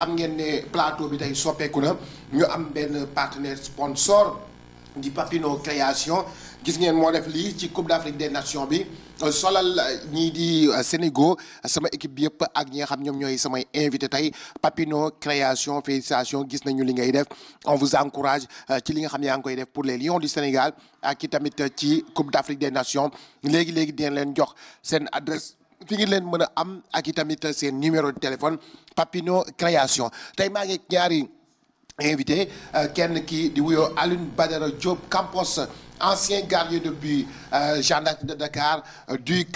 am ngeen ne plateau bi tey soppeeku na ñu am benn partenaire sponsor di Papino Création gis ngeen moo def lii ci Coupe d'Afrique des Nations bi solal ñii di Sénégal sama équipe bi yëpp ak ñi nga xam ñoom ñooy samay invité tey Papino Création félicitations gis nañu li ngay def on vous encourage euh, ci li nga xam yaa ngi koy def pour les Lions du Sénégal ak i tamit ci Coupe d'Afrique des nation léegi léegi dina leen jox seen adress fi ngi leen mën a am ak itamit seen numéro de téléphone Papino Création tey maa ngi ñaari invité euh, kenn ki di wuyoo Alioune Badara Diop Campos ancien gardien de but euh, Jeanne d'Arc de Dakar euh, DUC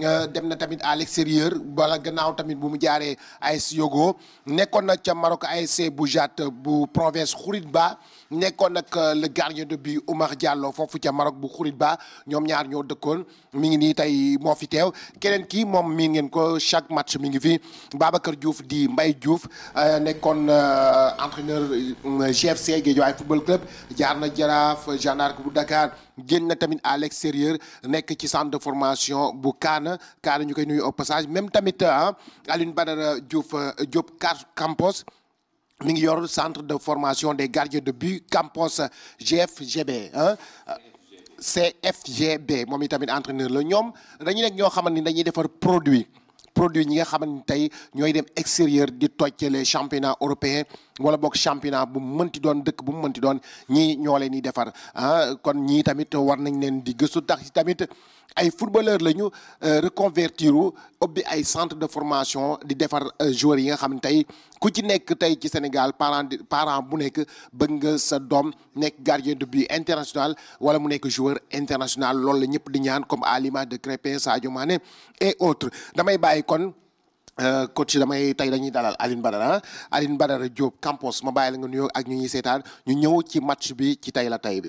Euh, dem na tamit à l'extérieur wala gannaaw tamit bu mu jaaree AS Yogo nekkoon na ca Maroc ASC bu Jat bu province Khouribga nekkoon nag euh, le gardien de but Oumar Diallo foofu ca Maroc bu Khouribga ñoom ñaar ñoo dëkkoon mi ngi nii tey moo fi teew keneen kii moom mii ngeen ko chaque match mi ngi fi Babacar Diouf di Mbaye Diouf euh, nekkoon entraîneur GFC Guédiawaye football club jaar na Jaraaf Jeanne d'Arc bu Dakar génn na tamit à l'extérieur nekk ci centre de formation bu Kaana Kaana ñu koy nuyu au passage même tamit aline ah, Alioune Badara Diouf euh, Diop car Campos mi ngi yor centre de formation des gardiens de but Campos GFGB ah. CFGB moom itamit entraîneur la ñoom dañuy nekk ñoo xaman ni dañuy defar produit produit ñi nga xaman tey ñooy dem extérieur di toj les championnats européens. wala boog championnat bu mu mënti doon dëkk bu mu mënti doon ñii ñoo leen di defar ah kon ñii tamit war nañ leen di gëstu tax tamit ay footballeur lañu euh, reconvertir u ubbi ay centre de formation di defar euh, joueurs yi nga xam ne tey ku ci nekk tey ci Sénégal parent parent bu nekk bëgg nga sa doom nekk gardien de but international wala mu nekk joueur international loolu la ñëpp di ñaan comme à l'image de Crépin Sadio Mané et autres damay bàyyi kon Euh, coach damay tey dañuy dalal Alioune Badara Alioune Badara Diop Campos ma bàyyi la nga nuyoo ak ñu ñuy seetaan ñu ñëw ci match bi ci tey la tey bi.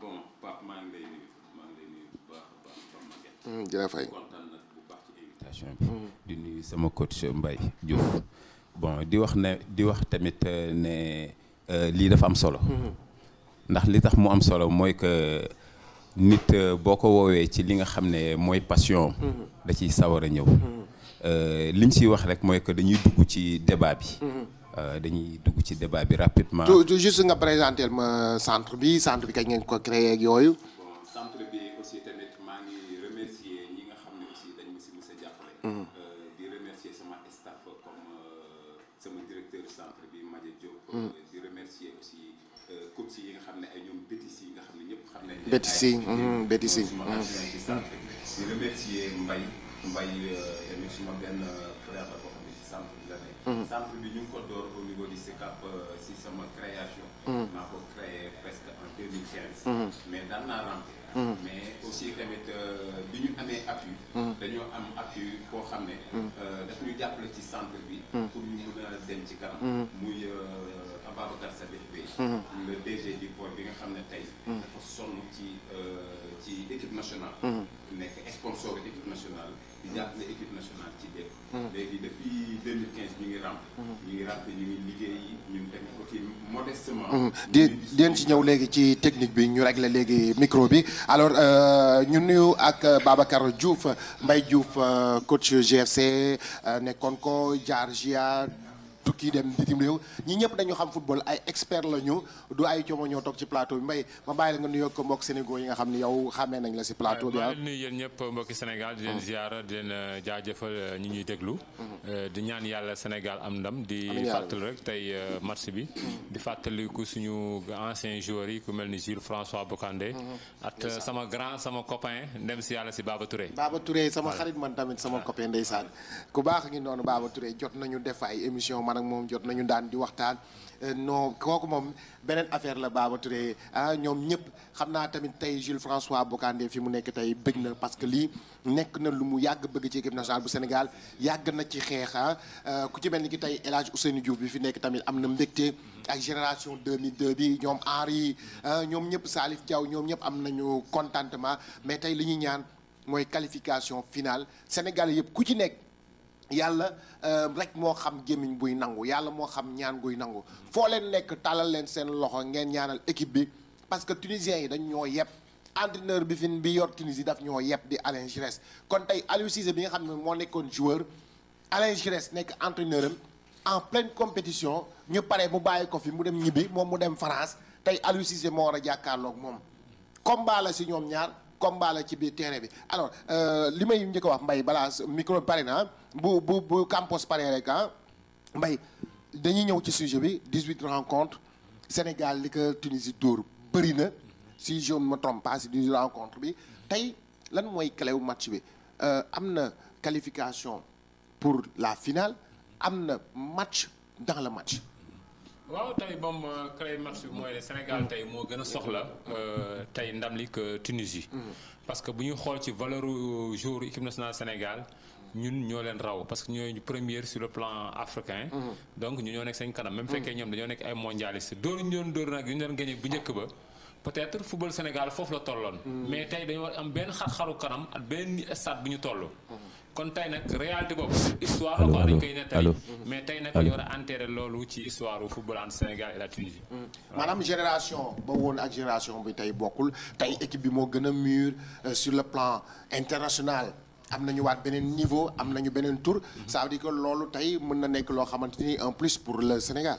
bon Pape hmm, hmm. sama coach Mbaye Diop. bon di wax ne di wax tamit euh, ne euh, lii dafa am solo. Hmm. ndax li tax mu am solo mooy que. nit euh, boo ko woowee ci li nga xam ne mooy passion mhm. da ciy sawar a ñëw mhm. euh, liñ ciy wax rek mooy que dañuy dugg ci débat bi mhm. euh, dañuy dugg ci débat bi rapidement juste nga présentel ma centre bi centre bi kañ ngeen ko créé yooyu centre bi aussi tamit maa nga xam ne sama staff comme sama directeur centre bi Madia Diop course yi nga xam ne ay ñoom bétis yi nga xam ne ñëpp xam nañ. bétis yi mhm, bétis yi. Mhm. di remercier Mbaye Mbaye tamit euh, suma benn euh, frère la boo xam ne ci mhm. bi ñu ngi ko door au niveau du SICAP si euh, sama création. maa ko créé presque en 2015. mais daan naa rampe. mais aussi tamit bi ñu amee appui. dañoo am appui koo xam ne. daf ñu jàppale ci centre bi. pour ñu mën a dem ci kanam. muy. Ababacar Sadikh Bèye le xam ne tey mhm. dafa sonn ci euh, ci équipe nationale mhm. nekk sponsor équipe nationale di jàppale équipe nationale ci bépp mhm. léegi depuis 2015 liggéey ñun tamit aussi ci ñëw léegi ci technique bi ñu réglé léegi micro bi alors euh, ñu nuyu ak euh, Babacar Diouf Mbaye Diouf coach GFC nekkoon ko jaar GIA tukki dem bitim réew ñi ñëpp dañu xam football ay expert la ñu du ay coomo ñoo toog ci plateau bi mbay ma bàyyi la nga nuyoo mbokk ah. Sénégal yi di leen mm-hmm. ziara di leen euh, jaajëfal euh, ñuy déglu mm-hmm. euh, di ñaan yàlla Sénégal am ndam di fàttali rek tey match bi mm-hmm. di fàttaliku suñu ancien joueurs yi ku mel ni Jules François Bocandé at sama grand sama copain ndem si yàlla si Baba Touré Baba Touré sama xarit man tamit sama copain ndeysaan ku baax ngi noonu Baba Touré jot nañu def man moom jot nañu daan di waxtaan euh, no kooku moom beneen affaire la Baba Touré ah ñoom ñëpp xam naa tamit tey Jules François Bocandé fi mu nekk tey bëgg na parce que lii nekk na lu mu yàgg bëgg ci équipe nationale bu Sénégal yàgg na ci xeexa ah euh, ku ci mel ni ki tey El Hadj Ousseynou bi fi nekk tamit am na mbégte ak génération 2002 bi ñoom Henri ah, ñoom ñëpp Salif Diaw ñoom ñëpp am nañu contentement mais tey li ñuy ñaan mooy qualification finale Sénégal yëpp ku ci nekk. yàlla euh, rek moo xam gémmiñ buy nangu yàlla moo xam ñaan guy nangu foo leen nekk tàllal leen seen loxo ngeen ñaanal équipe bi parce que tunisiens yi dañu ñoo yeb entraîneur bi fin bi yor Tunisie daf ñoo yeb di Alain Giresse kon tey Aliou bi nga xam ne moo nekkoon joueur Alain Giresse nekk entraîneur am en pleine compétition ñu pare mu bàyyi ko fi mu dem ñibbi moom mu dem France tey Aliou Cissé moo war a jàkkaarlook moom combat la si ñoom ñaar comme la ci biir terrain bi alors euh, li may njëkk a wax Mbaye balaa micro bi pare na bu bu bu Campos pare rek ah mbay dañuy ñëw ci sujet bi 18 rencontres Sénégal li ko Tunisie dóor bëri na si je ne me trompe pas bi tey lan mooy clé wu match bi euh, am na qualification pour la finale am na match dans la match. waaw tey ba mu créé mooy ne Sénégal tey moo gën a soxla euh, tey ndam li que Tunisie. Mm. parce que bu ñu xool ci valeur jour équipe nationale Sénégal ñun ñoo leen raw parce que ñooy première sur le plan africain. Mm. donc ñu ñoo nekk seen kanam. même mm. fekkee ñoom dañoo nekk ay mondialistes dóor ñu dóor nag ñu doon gagné bu njëkk ba. peut-être football Sénégal foofu la tolloon. Mm. mais tey war am benn xar-xaru kanam ak benn stade bu ñu toll. Mm-hmm. kon tey nag réalité boobu. histoire la quoi dañ mais tey nag ñu war a enterrer loolu ci histoire football en Sénégal et la Tunisie. Mm. génération ba woon ak génération bi tey bokkul tey équipe bi moo gën a mûr euh, sur le plan international. am nañu waat beneen niveau am nañu beneen tour mm-hmm. ça veut que loolu tey mën na nekk loo xamante ni en plus pour le Sénégal.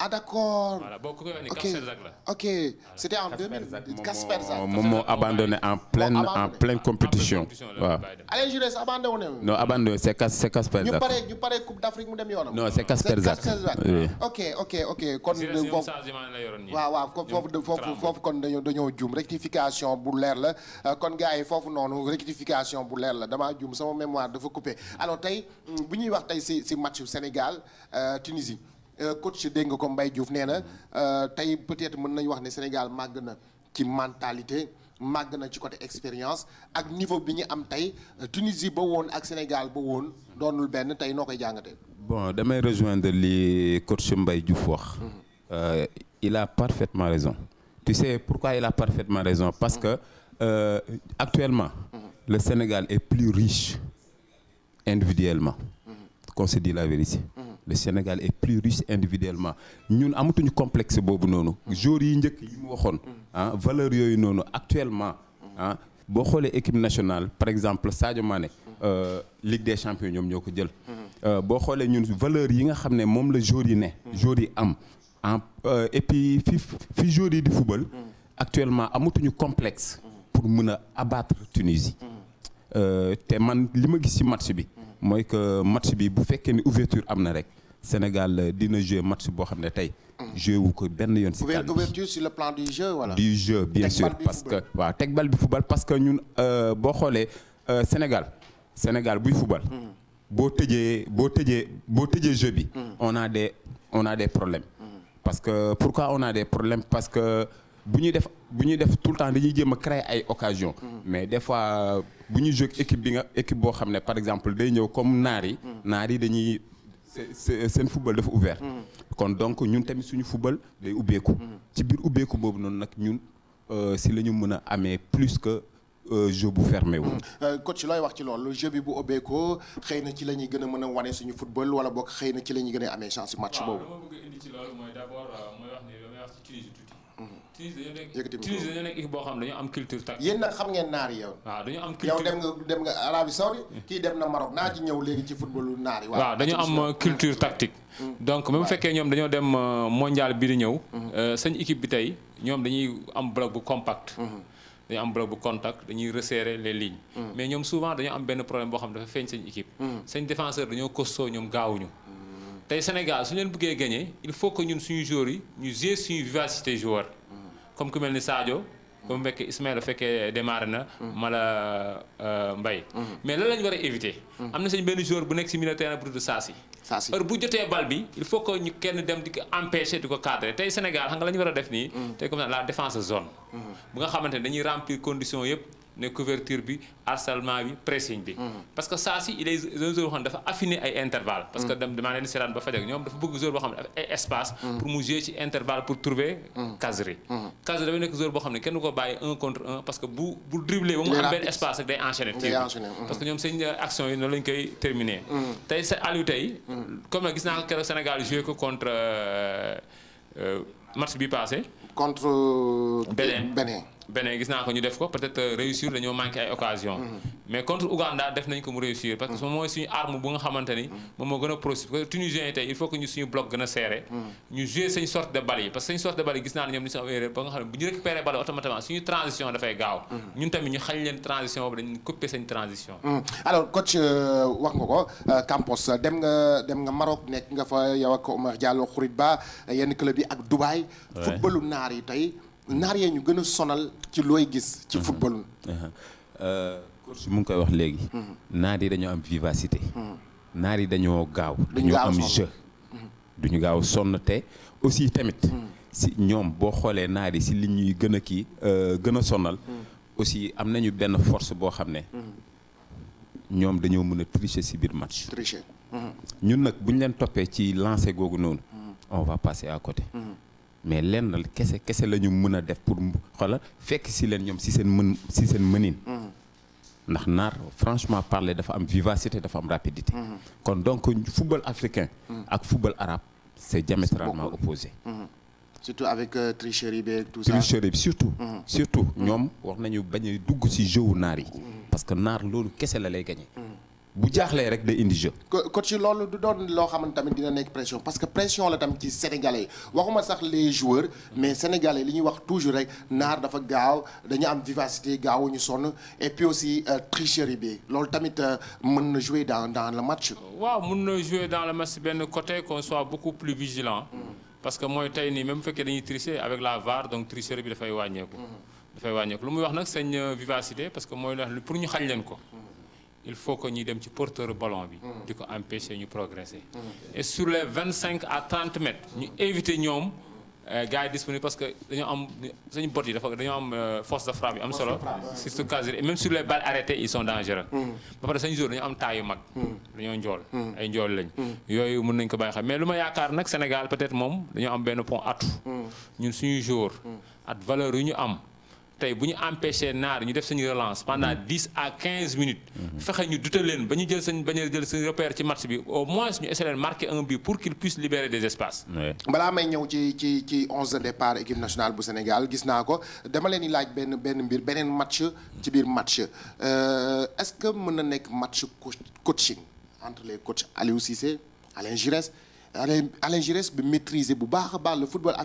ah d'accord voilà boo ko koy wax ni ok c'était en 2000 Kasperzak moom moo abandonné en pleine en pleine compétition waaw. Alain Giresse abandonné wu. non abandonné c'est Kas c'est Kasperzak. ñu pare ñu pare Coupe d'Afrique mu dem yoonam. non c'est Kasperzak ok ok waaw waaw foofu kon dañoo juum rectification bu leer la euh, kon gaa yi foofu noonu rectification bu leer la damaa juum sama mémoire dafa coupé alors tey hmm, bu ñuy wax tey si si match Sénégal euh, Tunisie. Euh, coach dégg nga ko mbay Diouf nee na euh, tey peut-être mën nañu wax ne Sénégal màgg na ci mentalité màgg na ci côté expérience ak niveau bi ñu am tey euh, Tunisie ba woon ak Sénégal ba woon doonul benn tey noo koy jàngate bon damay rejoindre li coach mbay Diouf wax. Mm-hmm. il a parfaitement raison. tu sais pourquoi il a parfaitement raison parce mm-hmm. que euh, actuellement. Mm-hmm. le Sénégal est plus riche individuellement. qu'on se dit la vérité. le Sénégal est plus riche individuellement ñun amatuñu complexe boobu noonu. jours yi njëkk yi mu waxoon. ah valeur yooyu noonu actuellement. ah boo xoolee équipe nationale par exemple Sadio Mané. Euh, Ligue des champions ñoom ñoo ko jël. Euh, boo xoolee ñun valeur yi nga xam ne moom la jours yi ne. jours yi am ah, en euh, et puis fi fi yi di football. actuellement amatuñu complexe. pour mën a abattre Tunisie. Euh, te man li ma gis ci match bi. mooy que match bi bu fekkee ni ouverture am na rek Sénégal dina jouer match boo xam ne tey. joué wu ko benn yoon si kàddu le plan du jeu voilà. du jeu bien sûr parce que teg bal bi football parce que ñun euh, boo xoolee euh, Sénégal Sénégal buy football. Hmm. boo tëjee boo tëjee boo tëjee jeu bi. Hmm. on des on a des problèmes. Hmm. parce que pourquoi on a des problèmes parce que. bu ñuy def bu ñuy def tout le temps dañuy jéem a créer ay occasion mm-hmm. mais des fois bu ñu jóg équipe bi nga équipe boo xam ne par exemple day ñëw comme naar yi mm-hmm. naar yi dañuy seen football dafa ouvert mm-hmm. kon donc ñun tamit suñu football day ubbeeku ci biir ubbeeku boobu noonu nag ñun euh, si la ñu mën a amee plus que euh, jeu bu fermé wu. Euh, coach looy wax ci loolu jeu bi bu ubbeekoo xëy na ci la ñuy gën a mën a wane suñu football wala boog xëy na ci la ñuy gën a amee chance match boobu. waaw li ci Tunisie dañoo nekk Tunisie dañoo boo xam ne dañoo am culture tactique. yéen nag xam ngeen naar yi yow. waaw dañoo am culture dem nga dem nga Arabie Saoudi kii dem na ñëw léegi ci footballu naar yi. dañoo am euh, culture tactique. Hmm. donc même bu fekkee ñoom dañoo dem euh, mondial bi di ñëw. Hmm. Euh, seen équipe bi tey ñoom dañuy am bloc bu compact. Hmm. dañu am bloc bu contact dañuy resserrer les lignes. mais ñoom souvent dañoo am benn problème boo xam ne dafa feeñ seen équipe. seen défenseur dañoo costo ñoom gaawuñu. tey Sénégal su ñu leen bëggee gagné il faut que ñun suñu joueurs yi ñu jouer suñu vivacité joueur comme ku mel ni Sadio. comme bu fekkee Ismaël fekkee démarré na. mala euh, Mbaye. mais lan lañ war a éviter. am na seen benn joueur bu nekk si milieu terrain bu tudd Saasi. Saasi heure bu jotee bal bi il faut que ñu kenn dem di ko empêcher di ko cadrer tey Sénégal xam nga la ñu war a def nii. Mm. tey comme la défense zone. Mm. bu nga xamante ne dañuy remplir condition yëpp. ne couverture bi harcèlement bi pressing bi. Mhm. parce que saa si il est un joueur xam ne dafa affiner ay intervalle parce que mhm. dem damaa leen seetaan ba fa jag ñoom dafa bëgg joueur boo xam ne dafa ay espace. Mhm. pour mu jouer ci intervalle pour trouver. caserie. caserie dafa nekk joueur boo xam ne kenn ko bàyyi un contre un parce que bu bu dribblé ba mu am benn espace rek day enchaîner. day enchaîner parce que ñoom seen action yi noonu lañ koy terminer. tey sa Aliou tey. comme nag gis naa ko contre euh, euh, match bi passé. contre euh, beneen gis naa ko ñu def ko peut-être réussir dañoo manqué ay occasion mm-hmm. mais contre Ouganda def nañ ko mu réussir parce que mm-hmm. moom mooy suñu arme bu nga xamante ni mm-hmm. moom moo gën a procès parce que tunisien yi tey il faut que ñu suñu gën a serré ñu jouer sañ sorte de balle parce que sañ sorte de balle gis naa ne ñoom ni si ba nga xam bu ñu récupéré balle automatiquement suñu transition dafay gaaw ñun tamit ñu xañ leen transition euh, wax nga ko euh, Campos dem nga dem nekk nga fa yow Ba yenn club yi ak Dubaï footballu naar yi tey naar yee ñu gën a sonal ci looy gis. ci mhm. football. Uh-huh. Uh, course mu ngi koy wax léegi. Mhm. naar yi dañoo am vivacité. Mhm. naar yi dañoo gaaw. dañoo am duñu gaaw sonn te aussi tamit. si ñoom boo xoolee naar yi si li ñuy gën a kii euh, gën a sonal. aussi am nañu benn force boo xam ne. ñoom dañoo mën a tricher si biir match. tricher. ñun nag buñ leen toppee ci lancer googu noonu. on va passer à côté. mais lenn kese kese la ñu mën a def pour xoolal fekk si leen ñoom si seen mën si seen mënin. Mm-hmm. ndax naar franchement parler dafa am vivacité dafa am rapidité. Mm-hmm. kon donc football africain. Mm-hmm. ak football arabe c'est diamétralement opposé. surtout avec euh, tricherie bi tout ça. tricherie bi surtout. surtout ñoom wax nañu bañ a dugg si jeu naar yi. parce que naar loolu kese la lay bu jaaxlee rek day indi jeu. coach loolu du doon loo xamante tamit dina nekk pression parce que pression la tamit ci sénégalais waxuma sax les joueurs mais sénégalais li ñuy wax toujours rek naar dafa gaaw dañu am vivacité gaaw ñu sonn et puis aussi euh, tricherie bi loolu tamit euh, mën na jouer dans dans le match. waaw mën na jouer dans le match benn côté qu'on soit beaucoup plus vigilant. Mm. parce que mooy tey nii même bu fekkee dañuy tricher avec la VAR donc tricherie bi dafay wàññeeku. Mm. dafay wàññeeku lu muy wax nag seen vivacité parce que mooy pour ñu xañ leen ko. Mm. il faut que ñuy dem ci porteur ballon bi. Hmm. di ko empêcher ñu progresser. Hmm, et sur les vingt cinq à trente mètres. ñu éviter ñoom euh, gars yi disponible parce que dañoo am suñu bot yi dafa dañoo am euh, force de frappe yu am solo. surtout casier et sur les balles arrêtées ils sont dangereux. Hmm. ba pare sañu jour dañoo am taille mag. dañoo njool. ay njool lañ. yooyu mun nañ ko bàyyi xam mais lu ma yaakaar nag Sénégal peut-être moom dañoo am benn pont at ñun suñu jour. at valeur yu ñu am. tey bu ñu empêché naar ñu def suñu relance pendant mm-hmm. dix à quinze minutes. Mm-hmm. fexe ñu dutal leen ba ñu jël seen bañ a jël seen repère ci match bi au moins ñu essayer leen marquer un but pour qu'il puisse libérer des espaces. balaa may ñëw ci ci ci onze de départ équipe nationale bu Sénégal gis naa ko dama leen di laaj benn benn mbir beneen match ci biir match euh, est-ce que mën na nekk match coaching entre les coachs Aliou Cissé Alain Giresse. Alain Alain bi maitriser bu baax a baax le football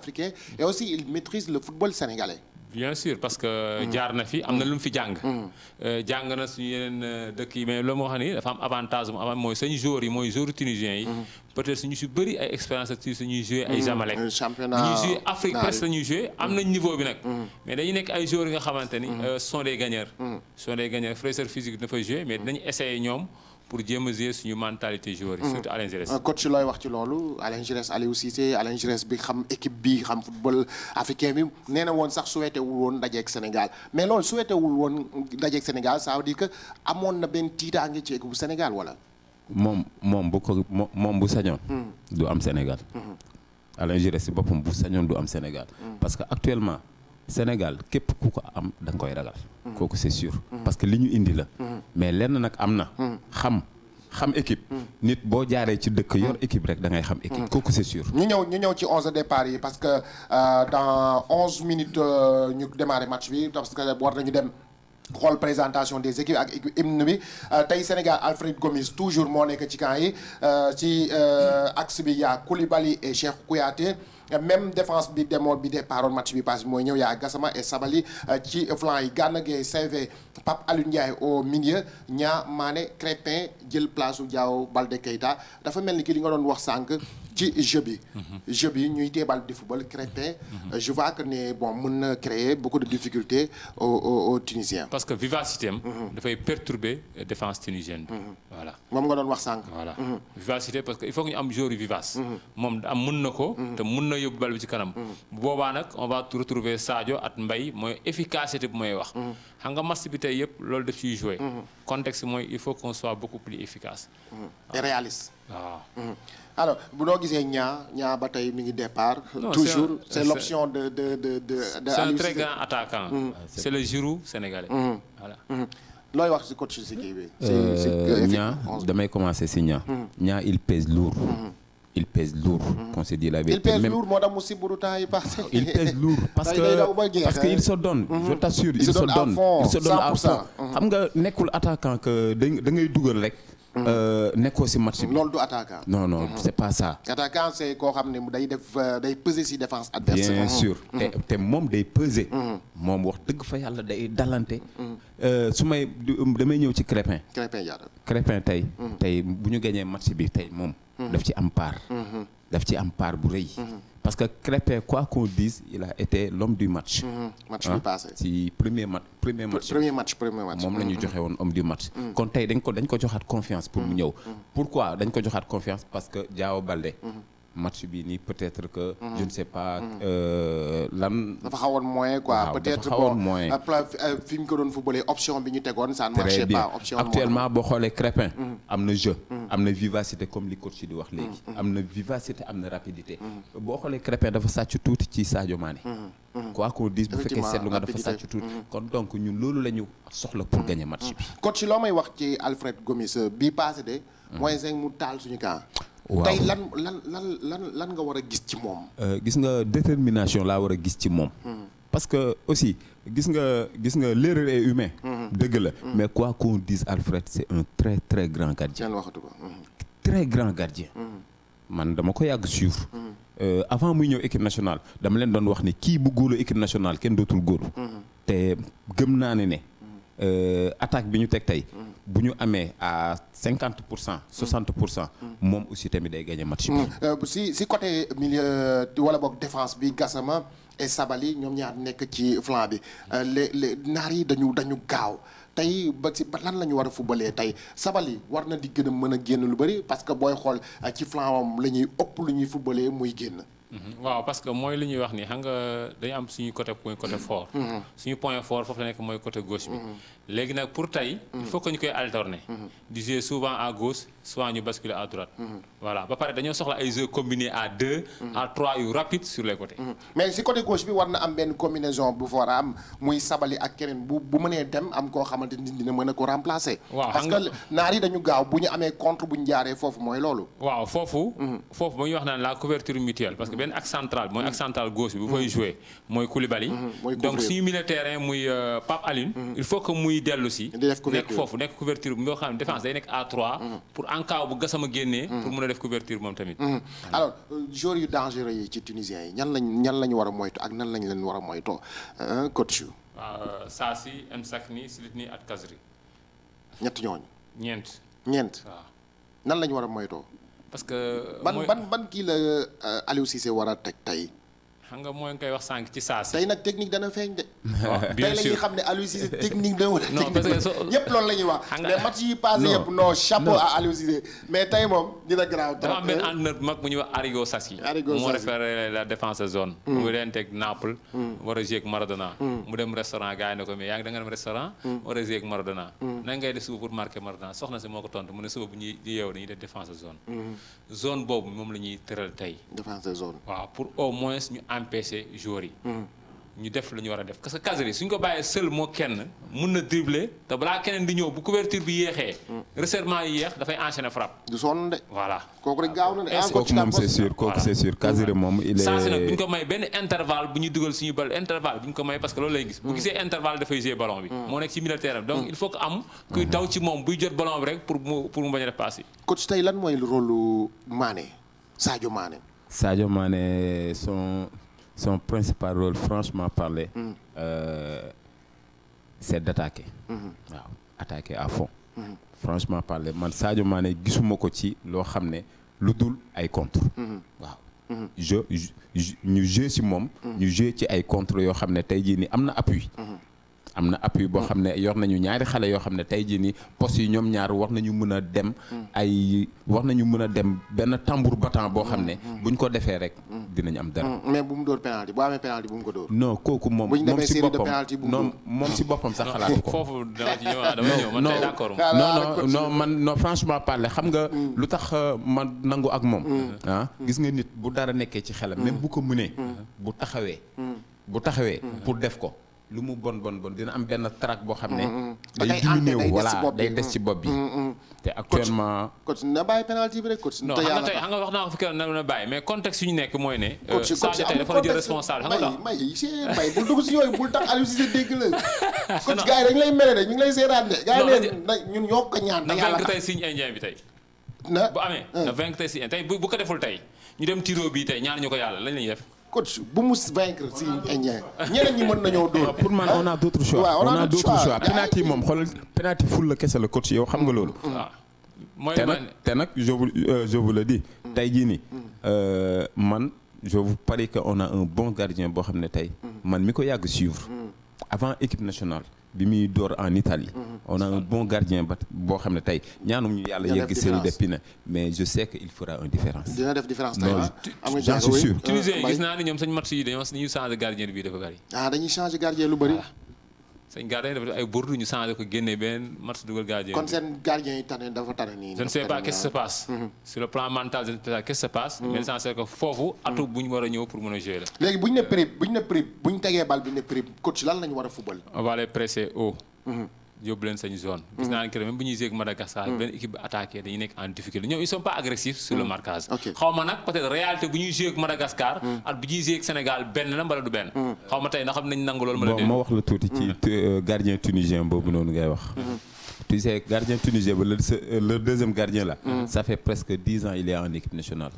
aussi il maîtrise le football sénégalais. bien sûr parce que. Hmm. jaar na fi am na hmm. lu fi jàng. Hmm. Euh, jàng na suñu yeneen euh, dëkk yi mais loolu moo xam ni dafa am avantage mu am mooy seen joueurs yi mooy joueurs tunisien yi. peut-être suñu si bëri ay expérience ci suñuy joué ay Zamalek. championnat ñuy joué Afrique presque ñuy joué am nañ niveau bi nag. mais dañu nekk ay joueurs yi nga xamante ni. Euh, sont des gagneurs. sont des gagneurs fraîcheur physique dafay joué mais dinañ essayé ñoom. pour jéem a gérer suñu mentalité joueur yi. Mm. surtout Alain Giresse. coach looy wax ci loolu Alain Giresse Aliou Cissé Alain Giresse bi xam équipe bi xam football africain bi nee na woon sax souhaité wul woon dajeeg Sénégal mais loolu souhaité wul woon dajeeg Sénégal saa veut dire que amoon na benn tiitaange ci équipe bu Sénégal wala. moom moom bu ko moom bu sañoon. Mm. du am Sénégal. Mm-hmm. Alain boppam bu sañoon du am Sénégal. Mm. parce que actuellement. Sénégal képp ku ko am da nga koy ragal. Mm-hmm. kooku c'est sûr. Mm-hmm. parce que li ñu indi la. Mm-hmm. mais lenn nag am na. xam xam équipe. nit boo jaaree ci dëkk yor équipe rek da ngay xam équipe. kooku c'est sûr. ñu ñëw ñu ñëw ci onze départ yi parce que euh, dans onze minutes euh, ñu démarrer match bi parce que war nañu dem. xool présentation des équipes ak hymne bi euh, tey Sénégal Alfred Gomis toujours moo nekk ci camp yi ci axe bi yaa Koulibaly et Cheikh Kouyaté. Euh, même défense bi demo bi départoon match bi pass bi mooy ñëw yaa Gassama et Sabali euh, ci flanc yi Gana Gueye CV Pape Alioune Ndiaye au milieu ñaa Mané Crépin jël place u Diao Baldé Keita dafa mel ni ki li nga doon wax sànq ci jeu bi. jeu bi ñuy déebal di football Crépin. je vois que ne bon mën na créer beaucoup de difficultés aux aux parce que vivacité dafay perturber défense tunisienne bi. voilà moom nga doon wax sànq. voilà mhm. vivacité parce que il faut que ñu am joueur yu vivace. Mhm. moom am mën na ko. Mhm. te mën na yóbbu bal bi ci kanam. bu boobaa nag on va retrouver Sadio at mbay mooy efficacité bu mooy wax. xam nga match bi tey yëpp loolu daf ciy jouer. contexte mooy il faut qu'on soit beaucoup plus waaw. Ah. Mhm. alors bu noo gisee ñaa ñaa ba tey mi ngi départ. toujours c' est de de de de. c' est un très grand attaquant. Mhm. Ah, c' le Giroud sénégalais. Mhm. looy wax si coach si kii bi. Euh, ñaa damay commencé si ñaa. ñaa il pèse lourd. il pèse lourd. il pèse lourd moo tax mu si buru temps il pèse lourd parce que parce que il se donne. je t'assure il se donne il se donne à fond. xam nga nekkul attaquant que da ngay dugal rek. Mm-hmm. Euh, nekkoo si match bi. loolu du attaquant. non non mm-hmm. c' est pas ça. attaquant koo xam ne day def euh, day peser si défense adverse. bien mm-hmm. sûr te te moom day peser. moom wax dëgg fa yàlla day dalante. Euh, su may damay ñëw ci Crépin. Crépin yaakaar Crépin tey. tey bu ñu gañee match bi tey moom. daf ci am part. daf ci am part bu rëy. parce que Krépin quoi qu'on dise il a été l'homme du match. match moom la ñu mhm. joxe woon homme du match. Mhm. kon tey dañ ko dañ ko joxaat confiance. pour mu mhm. ñëw pourquoi dañ ko joxaat confiance parce que Diao Baldé. match bi nii peut-être que. je ne sais pas euh, lan. dafa xawoon moyen quoi peut-être bon euh, euh, fi ñu ko doon footballé option bi ñu tegoon ça ne marchait pas. actuellement boo xoolee Krépin am na jeu. am na vivacité comme li coach di wax léegi. Mm-hmm. am na vivacité am na rapidité. Mm-hmm. boo xoolee Krépin dafa sàcc tuuti ci Sadio Mané. Mm-hmm. quoi qu'on dise bu fekkee seetlu nga dafa sàcc tuuti. kon donc ñun loolu la ñu soxla pour gagner match bi. coach loo may wax ci Alfred Gomis euh, bii passé de. moins cinq mu taal suñu camp. tey lan lan lan lan lan nga war a gis ci moom. Euh, gis nga détermination laa war a gis ci moom. parce que aussi gis nga gis nga l'erreur est humain mm-hmm. dëgg la mm-hmm. mais quoi qu'on dise Alfred c'est un très très grand gardien mm-hmm. très grand gardien man dama ko yàgg suivre euh, avant muy ñëw équipe nationale dama leen doon wax ni kii bu góolu équipe nationale kenn dootul góolu te gëm naa ne ne euh, attaque bi ñu teg tey bu ñu amee à cinquante pour cent soixante pour cent moom aussi tamit day gagné match bi euh, si si wala boog défense bi Gassama et Sabali ñoom ñaar nekk ci flanc bi les euh, les naar yi dañu dañu gaaw tey ba ci ba lan la ñu war a fubalee tey Sabali war na di gën mën a génn lu bëri parce que booy xool euh, ci flanc am lañuy ñuy ëpp lu ñuy fubalee muy génn. Mm-hmm. waaw parce que mooy li ñuy wax nii xam nga dañu am suñu côté point côté fort. Mm-hmm. suñu point fort foofu la nekk mooy côté gauche bi. Mm-hmm. léegi nag pour tey. il faut que ñu koy alterner. Mhm. di jouer souvent à gauche souvent ñu basculer à droite. Mhm. voilà ba pare dañoo soxla ay jeux combinés à deux. Mhm. à trois yu rapide sur les côtés. mais si côté gauche bi war na am benn combinaison bu fa war a am muy sabali ak keneen bu bu mënee dem am koo xamante ni dina mën a ko remplacer. waaw parce que naar yi dañu gaaw bu ñu amee contre bu ñu jaaree foofu mooy loolu. waaw foofu. foofu ba ñu wax naan la couverture mutuelle parce que benn axe central mooy axe central gauche bi bu fay jouer mooy muy dellu si. nekk foofu nekk couverture bi nga xam ne défense day nekk à 3. Mhm. pour en cas bu gasama génnee. Mhm. pour mun a def couverture moom tamit. Mhm. alors joueurs yu dangereux yi ci tunisiens yi ñan lañ ñan lañ war a moytu ak nan lañ leen war a moytoo coach yu. waaw euh, Saasi Msakni ni ak Kazri. ñett ñooñu. ñeent. ñeent waaw. nan lañ war moytoo. parce que. ban ban ban kii la euh, Aliou Cissé war a teg tey. xam nga mooy nga koy wax sànq ci saa si. tey nag technique dana feeñ de. bien sûr ah, tey la ñuy xam ne Aliou Cissé technique la wala. non parce que ñëpp loolu la ñuy wax. mais match yi passé yëpp non chapeau à Aliou mais tey moom dafa am benn entraîneur bu mag bu ñuy wax Arrigo Sacchi. Arrigo Sacchi moo la défense zone. Mm. mu leen teg mm. a mm. dem restaurant gars yi ne ko mais yaa ngi da dem restaurant. war a jouer ak Maradona. nan ngay suba pour marquer Maradona soxna si moo ko tontu mu ne suba bu ñuy yeewu dañuy def défense zone. zone empêcher joueurs yi. Hmm. ñu def lu ñu war a def parce que suñ ko bàyyee seul moo kenn mun na dribbler te balaa keneen di ñëw bu couverture bi yéexee. Hmm. resserrement yi yéex dafay enchaîner frappe. du sonn de. voilà kooku rek gaaw na de. est kooku moom c'est sûr kooku c'est sûr Casemiro moom il ko may benn intervalle bu ñu suñu bal intervalle ko may parce que loolu lay gis. bu hmm. gisee intervalle dafay jouer ballon bi. moo nekk ci milieu terrain donc il faut que am. kuy daw ci moom son principal rôle franchement parler mm. euh, c'est d'attaquer mm-hmm. waaw attaquer à fond mm-hmm. franchement parler man Sadio Mané gisuma ko ci loo xam ne lu dul ay contre mm-hmm. waaw je ñu jeu ci moom ñu jeu ci ay contre yoo xam ne tey jii ni am na appui am na appui boo xam ne yor nañu ñaari xale yoo xam ne tey jii nii poste yi ñoom ñaar war nañu mën a dem. ay war nañu mën a dem benn tambour battant boo xam ne. Mm. bu ñu ko defee rek. dinañ am dara. Mm. mais bu mu dóor penalty bu amee penalty bu mu ko dóor. non kooku moom moom si boppam non moom si boppam sax xalaatu ko. foofu dama ci ñëw dama ñëw man tey ah, d'accord non non non man non franchement parler xam nga. Mm. lu tax euh, man nangu ak moom. ah gis nga nit bu dara nekkee ci xelam. même bu ko mënee. bu taxawee. bu taxawee pour def ko. lu mu bon bon bon dina am benn track boo xam ne. Mm, mm. day diminuer voilà day des ci bopp bi. Mm, te actuellement. coach na bàyyi penalty bi rek coach. te yàlla non tey xam nga wax naa mais contexte yu ñu nekk mooy ne. coach coach tey dafa la jël responsable xam nga. may may si may bul yi dañu lay mere de ñu ngi lay seetaan de. ñoo ko ñaan. te yàlla na tey signe indien bi tey. bu amee na vaincre tey signe tey bu ko deful tey ñu dem tiro bi tey ñaan ñu ko yàlla lañ lañuy def coach bu mu vaincre si indien ñeneen pour man on a d' autres on a d' autres penalty moom xoolal penalty full la kese la coach yow xam nga loolu. Ah. mooy te nag te nag je vous euh, je vous jii nii euh, man je vous que on a un bon gardien boo xam ne tey. man mi ko yàgg suivre. Mm. avant équipe nationale. bi muy door en Italie. Mhm. on a bon gardien boo xam ne tey ñaanum ñu yàlla yegg Seny Ndepina mais je sais que il fera une différence. dina def différence tey ah. Euh, dañuy changer gardien bi dafa bari. Ah, dañuy changer gardien lu bari. Ah. seen gardien dafa def ay bourde ñu changé ko génne benn match dugal gardien. kon gardien yi tane dafa tane nii. je ne sais pas qu'est-ce qui mhm. le plan mental je ne sais pas qu'est-ce qui mhm. foofu. Mhm. atu bu war a ñëw pour mën a la. léegi bu ne prip bu ne prip bu tegee bal bi ne prip coach lan la ñu war a fubal. on va les presser haut. yóbbu leen sañ zone. gis naa ne que même bu ñuy yéeg Madagascar. Hmm. benn équipe bi attaqué nekk en difficulté ñoom ils sont pas agressifs sur le hmm. marquage. xaw nag peut être réalité bu ñuy yéeg Madagascar. Hmm. ak bu ñuy yéeg Sénégal benn la mbala du benn. xaw ma tey xam nañ nangu loolu. ma la déglu ma wax la tuuti ci euh, ba euh, le deuxième gardien là. ça fait presque dix ans il est en équipe nationale.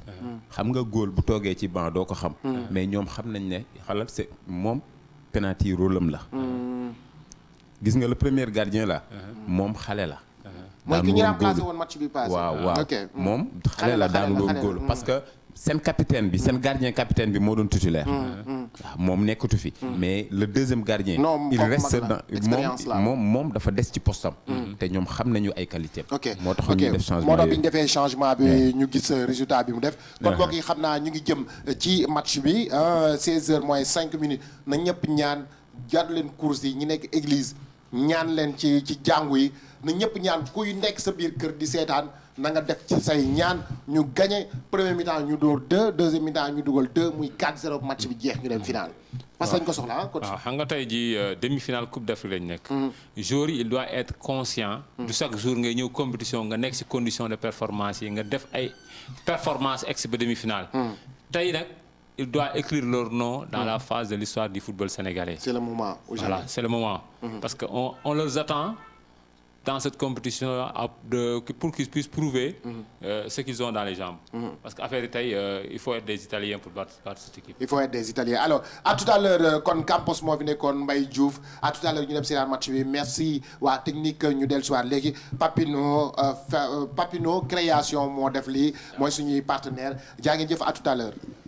xam nga góol bu toogee ci banc doo ko xam. mais ñoom xam nañ ne xalal c'est moom penalty rôle la. gis nga le premier gardien la uh-huh. moom xale la mooy ki ñu remplacé woon match bi passé waaw waaw ah, la daan woon góolu parce mm. que seen capitaine bi seen gardien capitaine bi moo doon titulaire mm, mm. moom nekkatu fi mais le deuxième gardien il reste dans moom moom dafa des ci postam te ñoom xam nañu ay qualité moo tax changement moo tax bi ñu defee changement bi ñu gis euh, résultat bi mu def kon mbokk yi xam naa ñu ngi jëm euh, ci match bi 16 heures mooy cinq minutes na ñëpp ñaan jàddu leen course yi ñu nekk église ñaan leen ci ci jàngu yi na ñëpp ñaan kuy nekk sa biir kër di seetaan na nga def ci say ñaan ñu gagné premier mi-temps ñu dóor deux deuxième mi ñu dugal deux muy 4-0 match bi jeex ñu dem final. parce que dañ ko soxla ah. waaw xam nga tey jii euh, demi-finale coupe d'Afrique lañ nekk. Mm-hmm. joueur yi il doit être conscient. du mm-hmm. chaque jour ngay ñëw compétition nga nekk si condition de performance yi nga def ay performance ex ba demi-finale. Mm-hmm. tey nag. ils doivent écrire leur nom dans mmh. la phase de l'histoire du football sénégalais. C'est le moment. Voilà, c'est le moment. Mmh. Parce qu'on on les attend dans cette compétition pour qu'ils puissent prouver mm-hmm. euh, ce qu'ils ont dans les jambes. Mm-hmm. Parce qu'à faire de taille, euh, il faut être des Italiens pour battre, battre, cette équipe. Il faut être des Italiens. Alors, à tout à l'heure, quand euh, Campos m'a venu, quand Mbaye Diouf, à tout à l'heure, nous avons match. Merci à la technique nous del soir. Papino, euh, euh, Papino, Création, moi, def li je suis partenaire. J'ai à tout à